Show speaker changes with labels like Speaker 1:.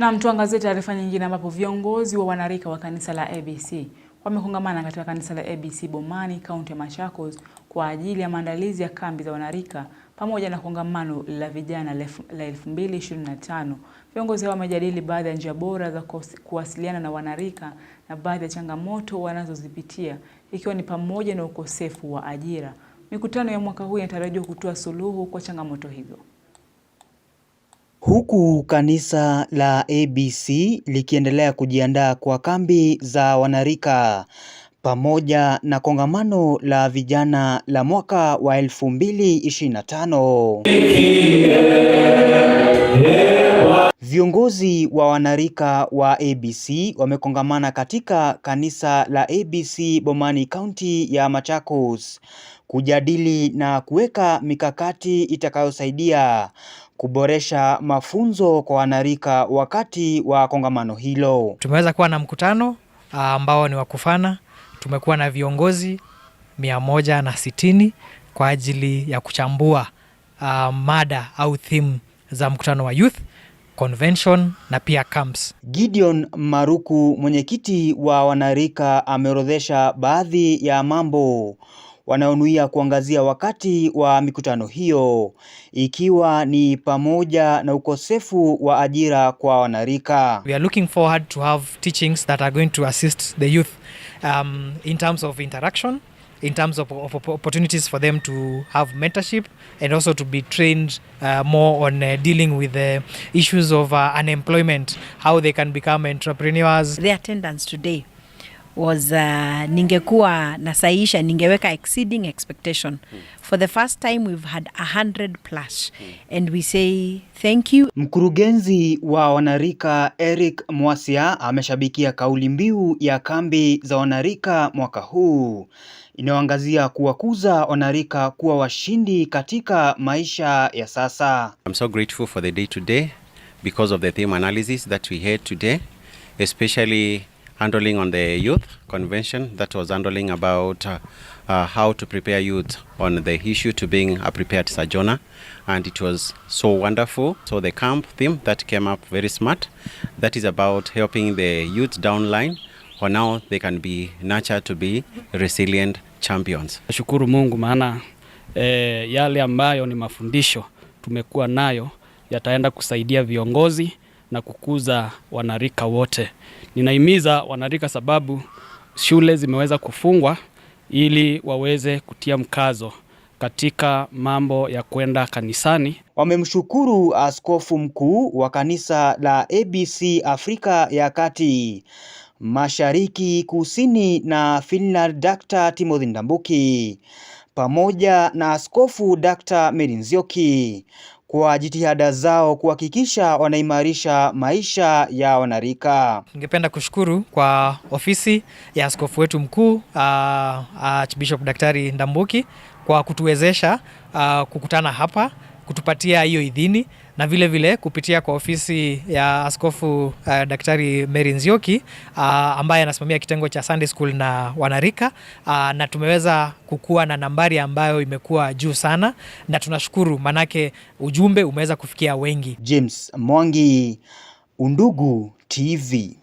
Speaker 1: Na mtuangazie taarifa nyingine ambapo viongozi wa wanarika wa kanisa la ABC wamekongamana katika kanisa la ABC Bomani, kaunti ya Machakos kwa ajili ya maandalizi ya kambi za wanarika pamoja na kongamano la vijana la 2025. Viongozi hao wamejadili baadhi ya njia bora za kuwasiliana na wanarika na baadhi ya changamoto wanazozipitia ikiwa ni pamoja na ukosefu wa ajira. Mikutano ya mwaka huu inatarajiwa kutoa suluhu kwa changamoto hizo.
Speaker 2: Huku kanisa la ABC likiendelea kujiandaa kwa kambi za wanarika pamoja na kongamano la vijana la mwaka wa 2025. Viongozi wa wanarika wa ABC wamekongamana katika kanisa la ABC Bomani kaunti ya Machakos kujadili na kuweka mikakati itakayosaidia kuboresha mafunzo kwa wanarika wakati wa kongamano hilo.
Speaker 3: Tumeweza kuwa na mkutano ah, ambao ni wa kufana. Tumekuwa na viongozi mia moja na sitini kwa ajili ya kuchambua uh, mada au theme za mkutano wa youth convention na pia camps.
Speaker 2: Gideon Maruku, mwenyekiti wa wanarika, ameorodhesha baadhi ya mambo wanaonuia kuangazia wakati wa mikutano hiyo, ikiwa ni pamoja na ukosefu wa ajira kwa wanarika.
Speaker 4: We are looking forward to have teachings that are going to assist the youth um, in terms of interaction in terms of opportunities for them to have mentorship and also to be trained uh, more on uh, dealing with the issues of uh, unemployment, how they can become entrepreneurs.
Speaker 5: The attendance today was uh, ningekuwa nasaisha ningeweka exceeding expectation hmm. For the first time we've had 100 plus hmm. And we say thank you.
Speaker 2: Mkurugenzi wa wanarika Eric Mwasia ameshabikia kauli mbiu ya kambi za wanarika mwaka huu inayoangazia kuwakuza wanarika kuwa washindi katika maisha ya sasa.
Speaker 6: I'm so grateful for the day today because of the theme analysis that we had today especially handling on the youth convention that was handling about uh, uh, how to prepare youth on the issue to being a prepared sojourner and it was so wonderful so the camp theme that came up very smart that is about helping the youth downline for now they can be nurtured to be resilient champions
Speaker 3: nashukuru Mungu maana eh, yale ambayo ni mafundisho tumekuwa nayo yataenda kusaidia viongozi na kukuza wanarika wote. Ninahimiza wanarika sababu shule zimeweza kufungwa ili waweze kutia mkazo katika mambo ya kwenda kanisani.
Speaker 2: Wamemshukuru askofu mkuu wa kanisa la ABC Afrika ya Kati, Mashariki, Kusini na Finland Dr. Timothy Ndambuki pamoja na askofu Dr. Meri Nzioki kwa jitihada zao kuhakikisha wanaimarisha maisha ya wanarika.
Speaker 3: Ningependa kushukuru kwa ofisi ya askofu wetu mkuu Archbishop Daktari Ndambuki kwa kutuwezesha uh, kukutana hapa kutupatia hiyo idhini na vile vile kupitia kwa ofisi ya Askofu uh, Daktari Mary Nzioki uh, ambaye anasimamia kitengo cha Sunday School na wanarika uh, na tumeweza kukua na nambari ambayo imekuwa juu sana, na tunashukuru manake ujumbe umeweza kufikia wengi.
Speaker 2: James Mwangi, Undugu TV.